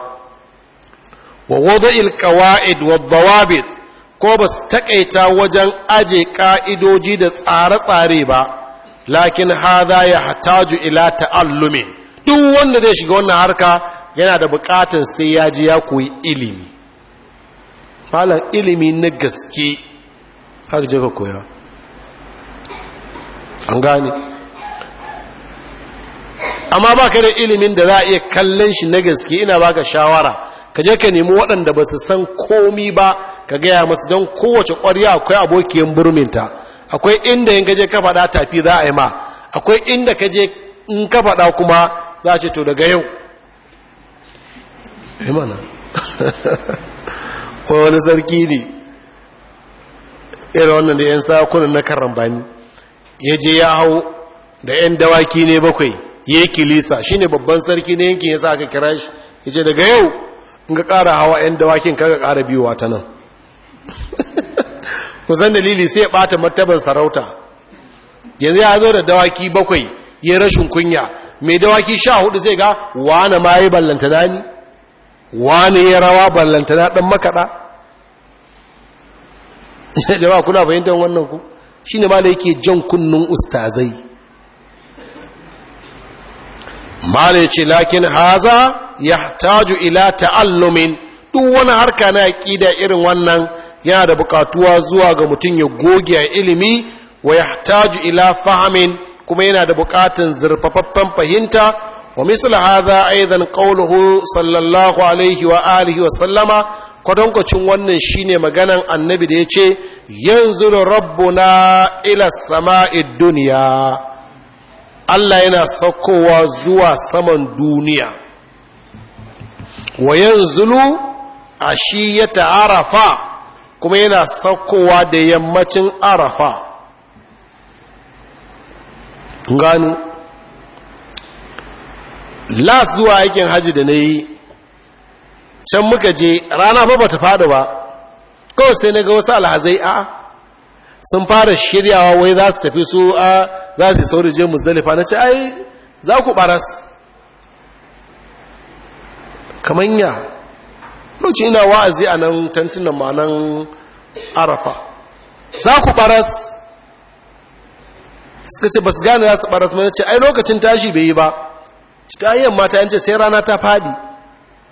wa wada'il qawa'id wa dawabit ko ba su taƙaita wajen aje ƙa'idoji da tsare-tsare ba lakin hadha ya hataju ila ta'allumin duk wanda zai shiga wannan harka yana da bukatan sai ya ji ya koyi ilimi Falon ilimi na gaske har je koya an gane amma ba ka da ilimin da za a iya kallon shi na gaske ina ba ka shawara ka je ka nemi waɗanda ba su san komi ba ka gaya masu don kowace ƙwarya akwai abokiyan burminta akwai inda yin gaje kafaɗa tafi za a yi ma akwai inda ka je in kafaɗa kuma za a ce to daga yau mana ko wani sarki ne irin wannan da 'yan sakunan na karambani ya je ya hau da 'yan dawaki ne bakwai ya yi kilisa shi ne babban sarki ne yankin ya sa aka kira shi ya ce daga yau in ƙara hawa 'yan dawakin kaga ƙara biyuwa ta nan kusan dalili sai ya ɓata martaban sarauta yanzu ya zo da dawaki bakwai ya rashin kunya mai dawaki sha hudu zai ga wane ma ya ballanta nani wani ya rawa ballanta na ɗan makaɗa jama kuna bayyantar wannan ku shi ne ma da yake jan kunnun ustazai mala ce lakin haza ya taju ila ta'allumin duk wani harka na aƙida irin wannan yana da buƙatuwa zuwa ga mutum ya goge ilimi wa ya taju ila fahamin kuma yana da buƙatun zurfafaffen fahimta ومثل هذا أيضا قوله صلى الله عليه وآله وسلم kwatankwacin wannan shine maganan annabi da ya ce yanzu rabbuna ila sama'i duniya Allah yana saukowa zuwa saman duniya wa yanzulu ya arafa kuma yana saukowa da yammacin arafa gano las zuwa aikin haji da na yi can muka je rana ba bata fada ba kawai sai na ga wasu alhazai a sun fara shiryawa wai za su tafi su a za su sauri je muzdalifa na ce ai za ku baras kamanya lokaci ina wa'azi a nan tantunan ma nan arafa za ku baras suka ce ba su gane za su baras mana ce ai lokacin tashi bai yi ba ta ayyan mata yance sai rana ta faɗi.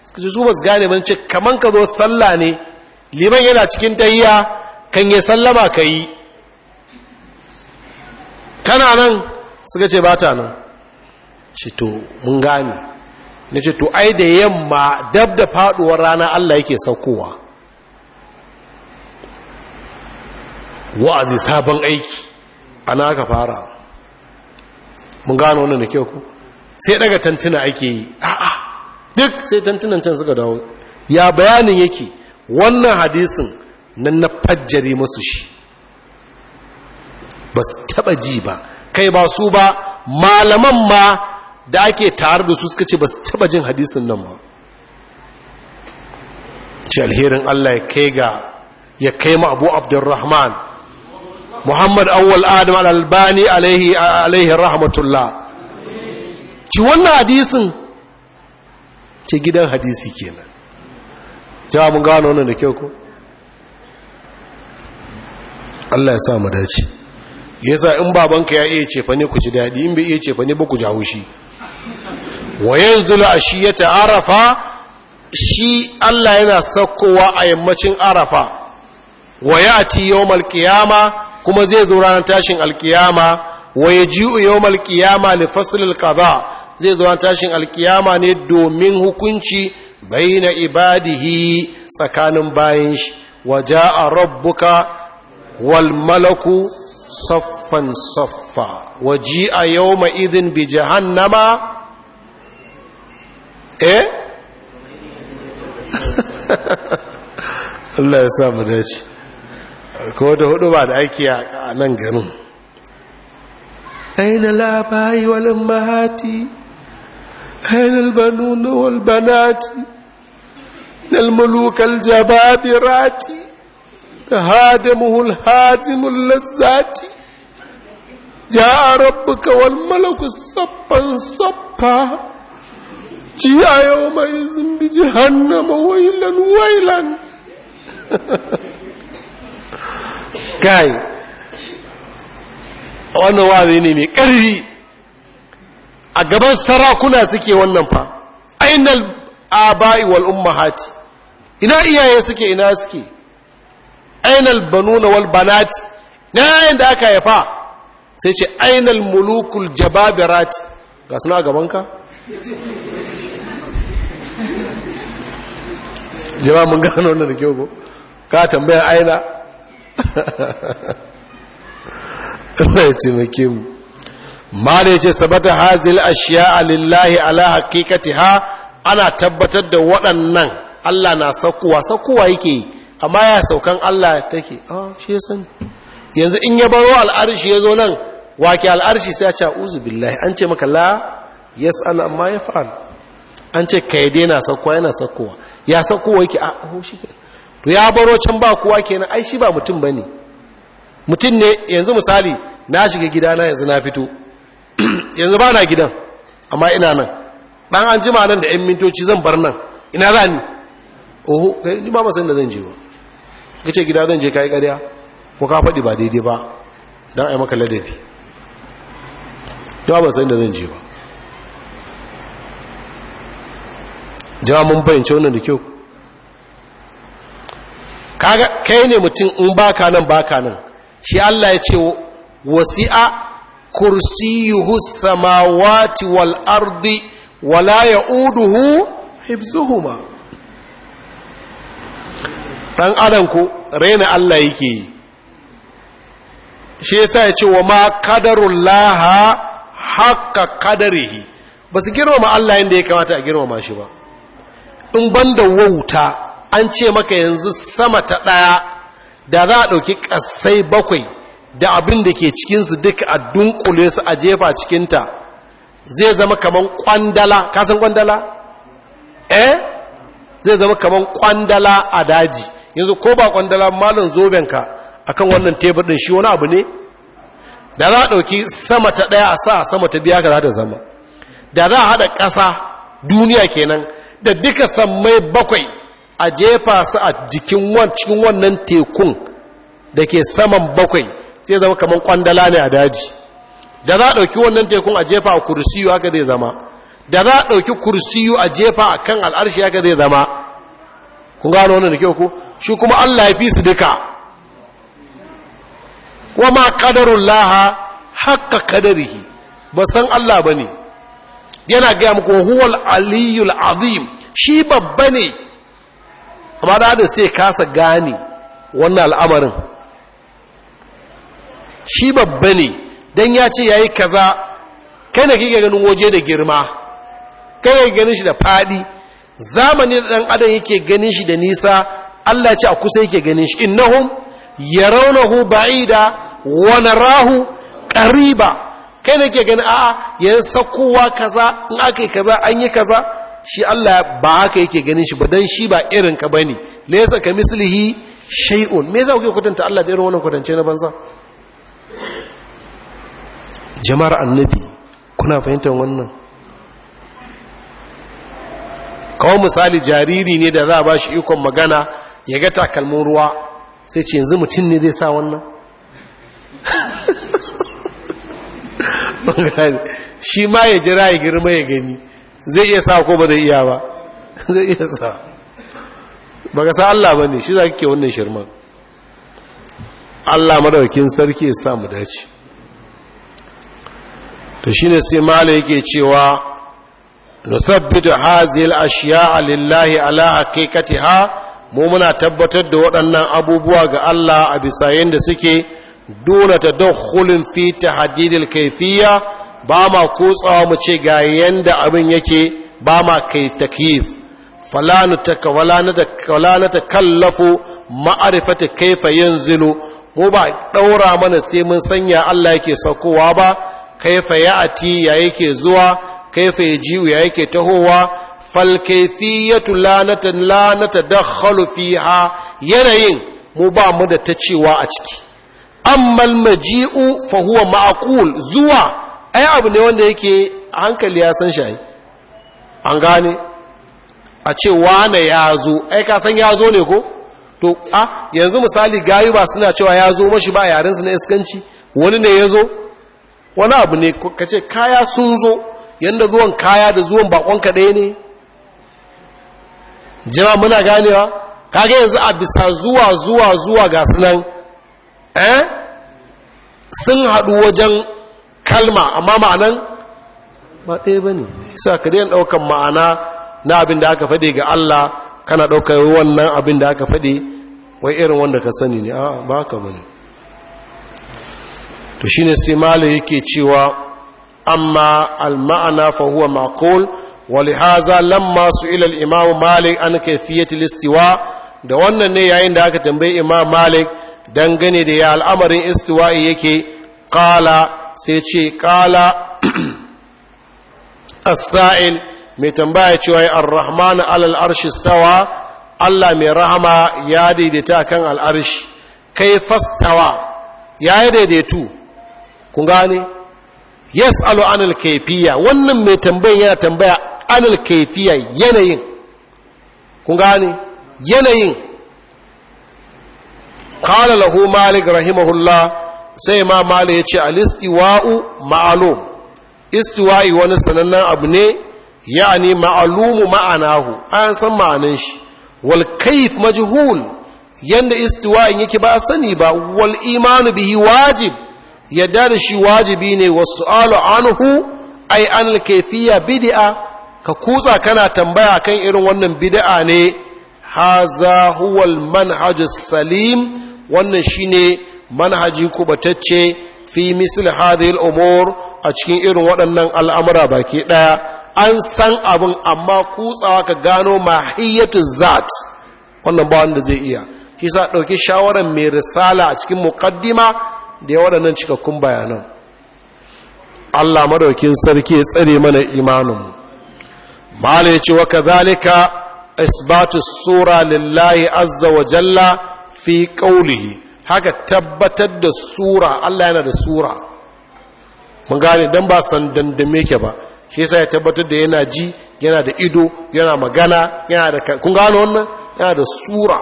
suka ce su ba su gane ba ce kaman ka zo sallah ne liman yana cikin tahiya kan ya sallama ka yi kana nan suka ce ba ta nan ce to mun gane na ce to ai da yamma dab da faɗuwar rana allah yake saukowa wa'azi sabon aiki ana ka fara mun gano wannan da kyau ku sai daga tantuna ake yi a'a duk sai tantunan can suka dawo ya bayanin yake wannan hadisin nan na fajjare masu shi ba su taba ji ba kai ba su ba malaman ma da ake tare da su suka ce ba su taba jin hadisin nan ba ce alherin Allah ya kai ga ya kai ma abu abdurrahman muhammad awwal adam al-albani alaihi rahmatullah ci wannan hadisin ce gidan hadisi kenan jawa mun gano wannan da kyau ko Allah ya sa mu dace yasa in babanka ya iya cefa ne ku ji dadi in bai iya cefa ne ba ku jawo shi wa yanzulu ashiyata arafa shi Allah yana sakkowa a yammacin arafa wa yati yawmal qiyama kuma zai zo ranar tashin alkiyama wa ji yawmal qiyama li fasl kaza? zai zo tashin alkiyama ne domin hukunci baina ibadihi tsakanin bayan shi wa a rabbuka wal malaku saffan saffa wa a yau idhin bi hannama? eh Allah ya sa dace ko da hudu ba da aiki a nan ganin. أين الآباء والأمهات أين البنون والبنات الملوك الجبابرات هادمه الهادم اللذات جاء ربك والملك صبا صبا جاء يومئذ بجهنم ويلا ويلا كاي wannan wazi ne mai ƙarfi a gaban sarakuna suke wannan fa a abai wal ummahati ina iyaye suke ina suke ainihin banuna wal banati na yayin da aka haifa sai ce ainihin mulukul jababirati ga suna a gabanka Jaba mun gano na da kyau ko ka tambaya aina Allah ya taimake mu mala yace sabata hazil ashiya lillahi ala ha! ana tabbatar da waɗannan Allah na saukowa saukowa yake amma ya saukan Allah take a ah, shi ya sani yanzu in ya baro al'arshi ya zo nan wake al'arshi sai ya ce uzu billahi an ce maka la yas'al amma ya yaf'al an ce ka yade na saukowa yana saukowa ya saukowa yake ah oh, shi to ya baro can ba kowa kenan ai shi ba mutum ba ne. mutum ne yanzu misali na shiga gidana yanzu na fito yanzu ba na gidan amma ina nan ɗan an jima nan da 'yan mintoci zan bar nan ina za ni oho ni ba masan da zan je ba ka ce gida zan je ka yi ƙarya ko ka faɗi ba daidai ba don a yi maka ladabi ba masan da zan je ba jama mun fahimci wannan da kyau kai ne mutum in baka nan baka nan shi Allah ya ce wasi'a kursiyuhu samawati wal ardi wala ya'uduhu hibzuhuma dan adam ku raina Allah yake yi shi yasa ya ce wa ma qadarullaha haqqa qadarihi su girmama Allah yadda ya kamata a girmama shi ba in banda wauta an ce maka yanzu sama ta ɗaya. da za a ɗauki ƙasai bakwai da abin da ke cikinsu duka a dunkule su a jefa cikinta zai zama kamar kwandala kasan kwandala? eh zai zama kamar ƙwandala a daji yanzu ko ba kwandala malin zobenka kan wannan tebur ɗin shi wani abu ne da za a ɗauki sama ta ɗaya a sa sama ta biya ka za ta zama da za a haɗa ƙasa duniya kenan da duka sammai bakwai a jefa su a jikin cikin wannan tekun da ke saman bakwai zai zama kamar kwandala ne a daji da za a ɗauki wannan tekun a jefa a kursiyu haka zai zama da za a ɗauki kursiyu a jefa a kan al'arshi haka zai zama kun gano wannan da kyau ku shi kuma allah ya fi su duka wa ma laha haƙƙa ƙadarihi ba san allah ba ne yana gaya muku huwal aliyul azim shi babba ne amma da da sai kasa gane wannan al'amarin shi babba ne don ya ce ya yi kaza kai na kika ganin waje da girma kai ya ganin shi da faɗi zamani da ɗan adam yake ganin shi da nisa allah ce a kusa yake ganin shi innahum ya raunahu ba'ida wani rahu ƙariba kai na ke ganin a'a yan sakowa kaza in aka yi kaza an yi kaza shi Allah ba haka yake ganin shi ba dan shi ba irin ka bane laysa ka mislihi shay'un me yasa kuke kwatanta Allah da irin wannan kwatance na banza jama'ar annabi kuna fahimtar wannan kawo misali jariri ne da za a ba shi ikon magana ya ga takalmin ruwa sai ce yanzu mutum ne zai sa wannan shi ma ya jira ya girma ya gani zai iya sa ko ba zai iya ba zai iya sa ba ka sa Allah ba ne shi za ke wannan shirman Allah madaukin sarki ya sa mu dace to shine sai malai yake cewa nuthabbitu hazihi al-ashya'a lillahi ala haqiqatiha mu muna tabbatar da waɗannan abubuwa ga Allah a bisa yadda suke dole ta dakkulin fi tahdidil kayfiyya ba ma kotsawa mu ce ga yanda abin yake ba ma kai takyif na ta kallafo ma'arifata kaifa yanzilu mu ba ɗaura mana sai mun sanya Allah yake saukowa ba kaifa ya ati ya yake zuwa kaifa ya jiwu ya yake tahowa falkaifiyatu lanatan lanata dakhalu fiha yanayin mu ba mu da ta cewa a ciki ammal maji'u fa huwa ma'qul zuwa ai abu ne wanda yake hankali ya san shi an gane a ce wane ya zo ai ka san ya zo ne ko to a yanzu misali gayu ba suna cewa ya zo mashi ba yarensu na iskanci wani ne ya zo wani abu ne ka ce kaya sun zo yadda zuwan kaya da zuwan bakon kaɗai ne jira muna ganewa kaga yanzu a bisa zuwa zuwa zuwa ga sunan eh sun haɗu wajen kalma amma ma'anan ba ɗaya ba ne sa ka daina ɗaukan ma'ana na abin da aka faɗi ga Allah kana ɗaukar wannan abin da aka faɗi wai irin wanda ka sani ne a ba ka ba ne to shi ne sai mala yake cewa amma alma'ana maana fa huwa haza wa lamma su ilal imam malik an kayfiyati al listiwa da wannan ne yayin da aka tambayi imam malik dangane da ya al'amarin istiwa'i yake kala sai ce kala as mai tambaya cewa ar-rahman alal arshi stawa Allah mai rahama ya daidaita kan al-arshi kai fastawa ya yi daidaitu kun gane yes anil kaifiya wannan mai tambayin yana tambaya anil kaifiya yanayin kun gane yanayin kala lahu malik rahimahullah sai ma mala ya ce alistiwa'u ma'alum istiwa'i wani sanannen abu ne ya'ani ma'alumu ma'anahu an san ma'anin shi wal kaif majhul yanda istiwa'in yake ba sani ba wal imanu bihi wajib yadda da shi wajibi ne wasu alu anhu ai an kefiya bid'a ka kutsa kana tambaya kan irin wannan bid'a ne haza huwal manhajus salim wannan shine manhaji kubatacce fi misl hadhihi al-umur a cikin irin waɗannan al'amura baki ɗaya an san abin amma kutsawa ka gano mahiyatu zat wannan ba wanda zai iya shi sa ɗauki shawarar mai risala a cikin muqaddima da ya waɗannan cikakkun bayanan Allah madaukin sarki ya tsare mana imanin mala yace wa kadhalika isbatu sura lillahi azza wa jalla fi qawlihi haka tabbatar da sura Allah yana da sura mun gane dan ba san dandame ke ba shi yasa ya tabbatar da yana ji yana da ido yana magana yana da kun gane wannan yana da sura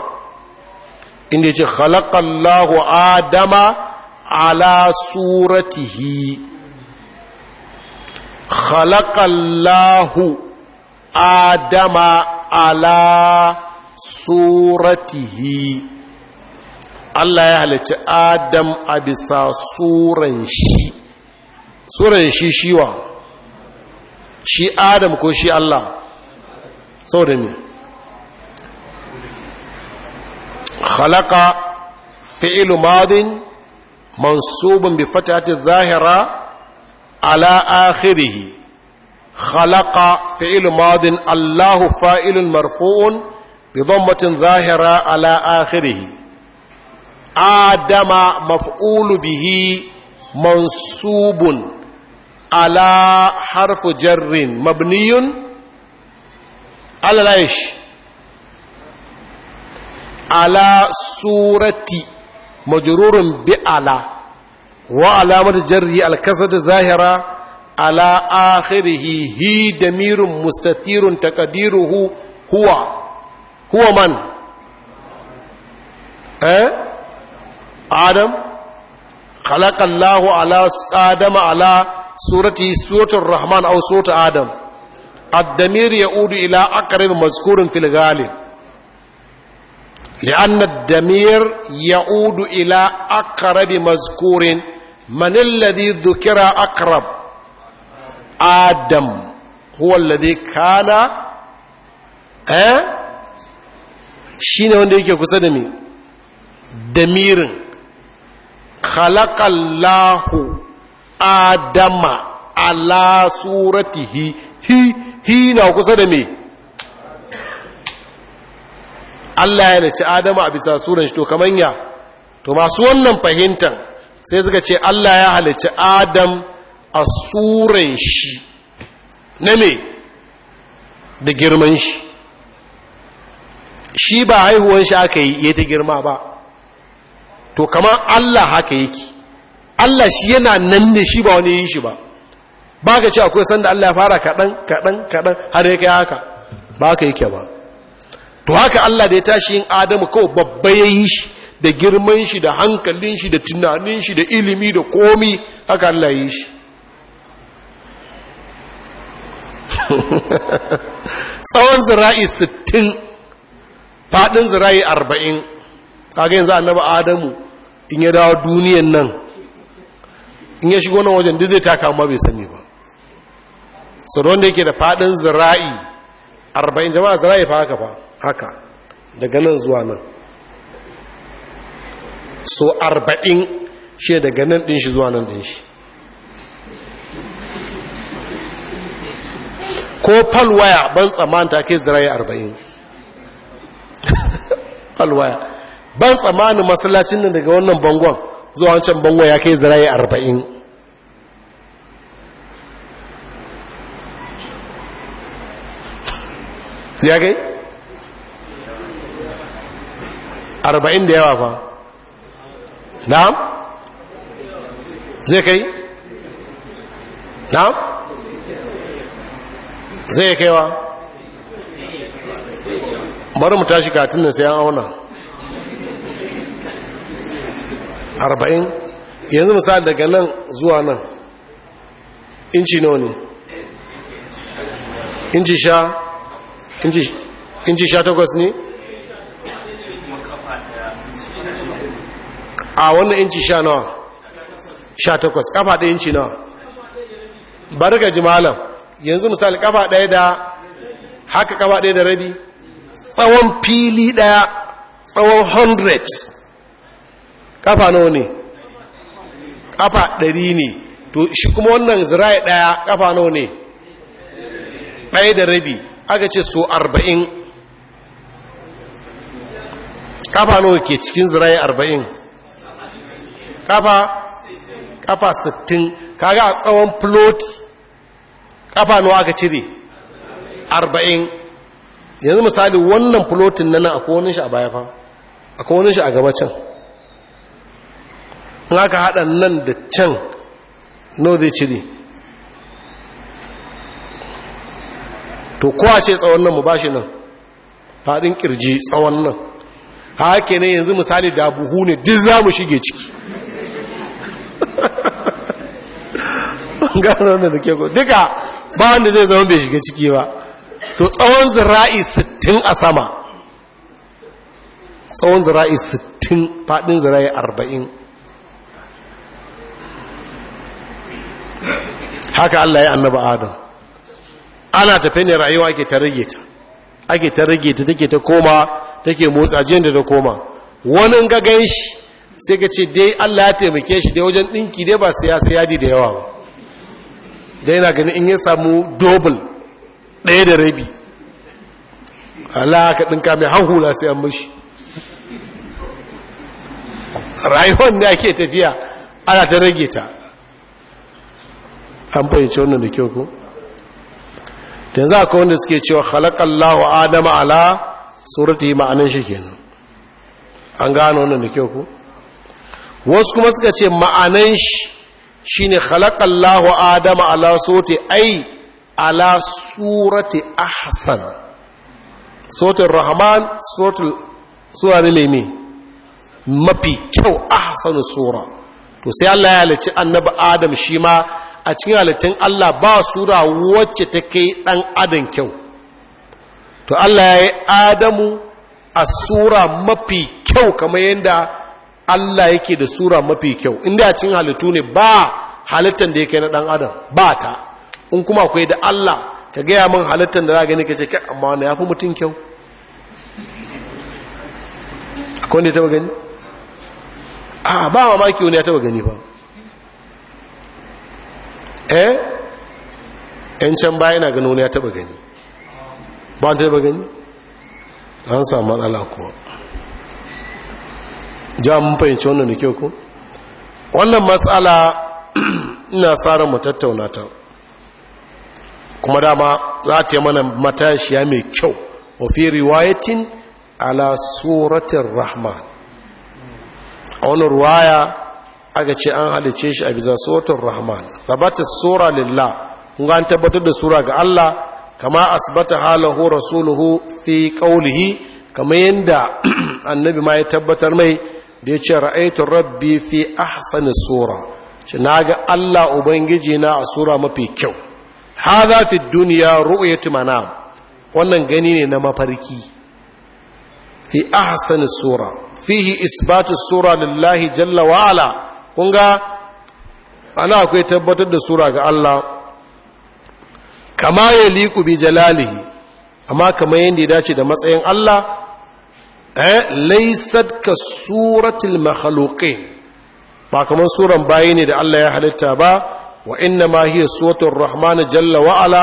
inda yace khalaqallahu adama ala suratihi khalaqallahu adama ala suratihi Allah ya halici Adam a bisa suran shi suran shi shiwa shi Adam ko shi Allah sau da ne halaka fi’ilu madin mansubin bi fatati zahira ala akhirihi khalaqa fi'lu madin allahu fa'ilun marfu'un bi dhammatin zahira ala akhirihi adama maf'ulu bihi mansubun ala harfu jarrin mabniyun alalaish ala surati majrurun bi ala wa alamatu jarri alkasata zahira ala akhirihi hi damirun mustatirun takadiruhu huwa huwa man eh adam khalaqallahu ala adama ala surati rahman aw surat adam ad-damir ya'udu ya'udu ila aqrab mazkurin man alladhi dhukira aqrab eh? wanda yake kusa da me khalaqallahu adama ala suratihi hi hi na kusa da me Allah ya nace adama a bisa suran shi to kaman ya to masu wannan fahimtan sai suka ce Allah ya halicci adam a suran shi na me da girman shi shi ba haihuwan shi aka yi ya ta girma ba to kamar Allah haka yake Allah shi yana nan ne shi ba wani yin shi ba ba ka ce akwai sanda Allah ya fara kaɗan kaɗan kaɗan har ya kai haka ba ka yake ba to haka Allah da ya tashi yin Adamu kawai babba ya yi shi da girman shi da hankalin shi da tunanin shi da ilimi da komi haka Allah ya yi shi tsawon zira'i sittin, faɗin zira'i arba'in, kaga yanzu annaba Adamu in ya dawo duniyan nan in ya shigo nan wajen duk zai taka amma bai sani ba sauran da yake da fadin zira'i arba'in jama'a zira'i fa haka fa haka daga nan zuwa nan so arba'in shi daga nan din shi zuwa nan din shi ko falwaya ban tsamanta ke zira'i arba'in falwaya ban tsamanin masallacin nan daga wannan bangon zuwa wancan bangon ya kai zirai arba'in ya kai? arba'in da yawa fa na'am zai kai? na'am zai kaiwa bari mu tashi katin nan sai an auna arba'in yanzu misali daga nan zuwa nan inci nawa ne inci sha inci sha takwas ne a wannan inci sha nawa sha takwas kafa ɗaya inci nawa Barga ji malam yanzu misali kafa ɗaya da haka kafa ɗaya da rabi tsawon fili ɗaya tsawon hundreds kafa nawa ne kafa ɗari ne to shi kuma wannan zira'i ɗaya kafa nawa ne ɗaya da rabi aka ce so arba'in kafa nawa ke cikin zira'i arba'in kafa kafa sittin kaga a tsawon floti kafa nawa aka cire arba'in yanzu misali wannan flotin nan akwai wani shi a baya fa akwai wani shi a gaba can in ka haɗa nan da can no zai ci ne to kowa ce tsawon nan mu ba shi nan faɗin ƙirji tsawon nan haka ne yanzu misali da buhu ne duk za mu shige ciki gano wannan da ke duka ba wanda zai zama bai shiga ciki ba to tsawon zira'i 60 a sama tsawon zira'i 60 faɗin zira'i 40 haka Allah ya annaba adam ana tafe ne rayuwa ake ta rage ta ake ta rage ta take ta koma take motsa jiyan da ta koma wani ga gan shi sai ka ce dai Allah ya taimake shi dai wajen dinki dai ba sai ya sai da yawa ba dai yana ganin in ya samu double ɗaya da rabi Allah ka dinka mai hula sai an mishi rayuwar da ake tafiya ana ta rage ta an fahimci wannan da kyau ku yanzu akwai wanda suke cewa halakallahu adama ala surati ma'anin shi kenan an gano wannan da kyau ku wasu kuma suka ce ma'anin shi shine halakallahu adama ala surati ai ala surati ahsan suratul rahman suratul sura ne lemi mafi kyau ahsanu sura to sai Allah ya halicci annabi Adam shi ma a cikin halittun Allah ba sura wacce ta kai ɗan adam kyau to Allah ya yi adamu a sura mafi kyau kamar yadda Allah yake da sura mafi kyau inda a cikin halittu ne ba halittar da yake na ɗan adam ba ta in kuma akwai da Allah ka gaya min halittar da za gani ka ce kai amma wani ya fi mutum kyau akwai wanda ya taba gani a ba mamaki wani ya taba gani ba eh yan can baya na gano ne ya taba gani ba ta taba gani an samu matsala kuwa ja mun fahimci wannan da kyau ko wannan matsala ina tsara mu tattauna ta kuma dama za ta yi mana matashiya mai kyau wa fi riwayatin ala suratin rahman a wani ruwaya aka ce an halice shi a bisa suratul rahman sabata sura lillah kun ga an tabbatar da sura ga Allah kama asbata halahu rasuluhu fi qawlihi kama yanda annabi ma ya tabbatar mai da ya ce ra'aytu rabbi fi ahsani sura ce naga Allah ubangiji na a sura mafi kyau hadha fi dunya ru'yatu manam wannan gani ne na mafarki fi ahsani sura fihi isbatu sura lillahi jalla wa ala Kunga ana akwai tabbatar da sura ga Allah kama ya liku bi jalalihi amma kamar yadda ya dace da matsayin Allah eh laysat ka suratul makhluqin ba kamar suran bayi ne da Allah ya halitta ba wa inna ma hiya suratul rahman jalla wa ala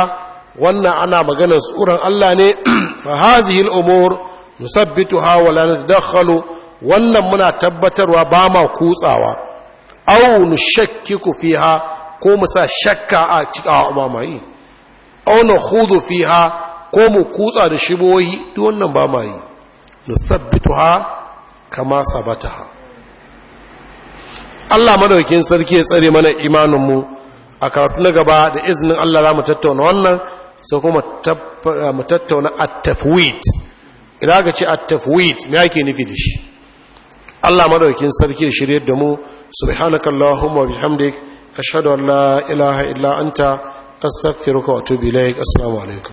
wannan ana maganar suran Allah ne fa hadhihi al umur nusabbituha wa la nadakhalu wannan muna tabbatarwa ba ma kutsawa ku fi fiha ko mu sa shakka a cikin mamayi hudu fi fiha ko mu kutsa da shiboyi, duk wannan ba ma yi ha, kama ha. Allah madaukin sarki ya tsare mana imanin mu a karatu na gaba da izinin Allah za mu tattauna wannan sai kuma mu tattauna at-tafwid idan ka ce at-tafwid me yake nufi da shi Allah madaukin sarki ya shirye da mu subhanaka allahumma bihamdik ashhadu an la ilaha illa anta astaghfiruka assalamu alaikum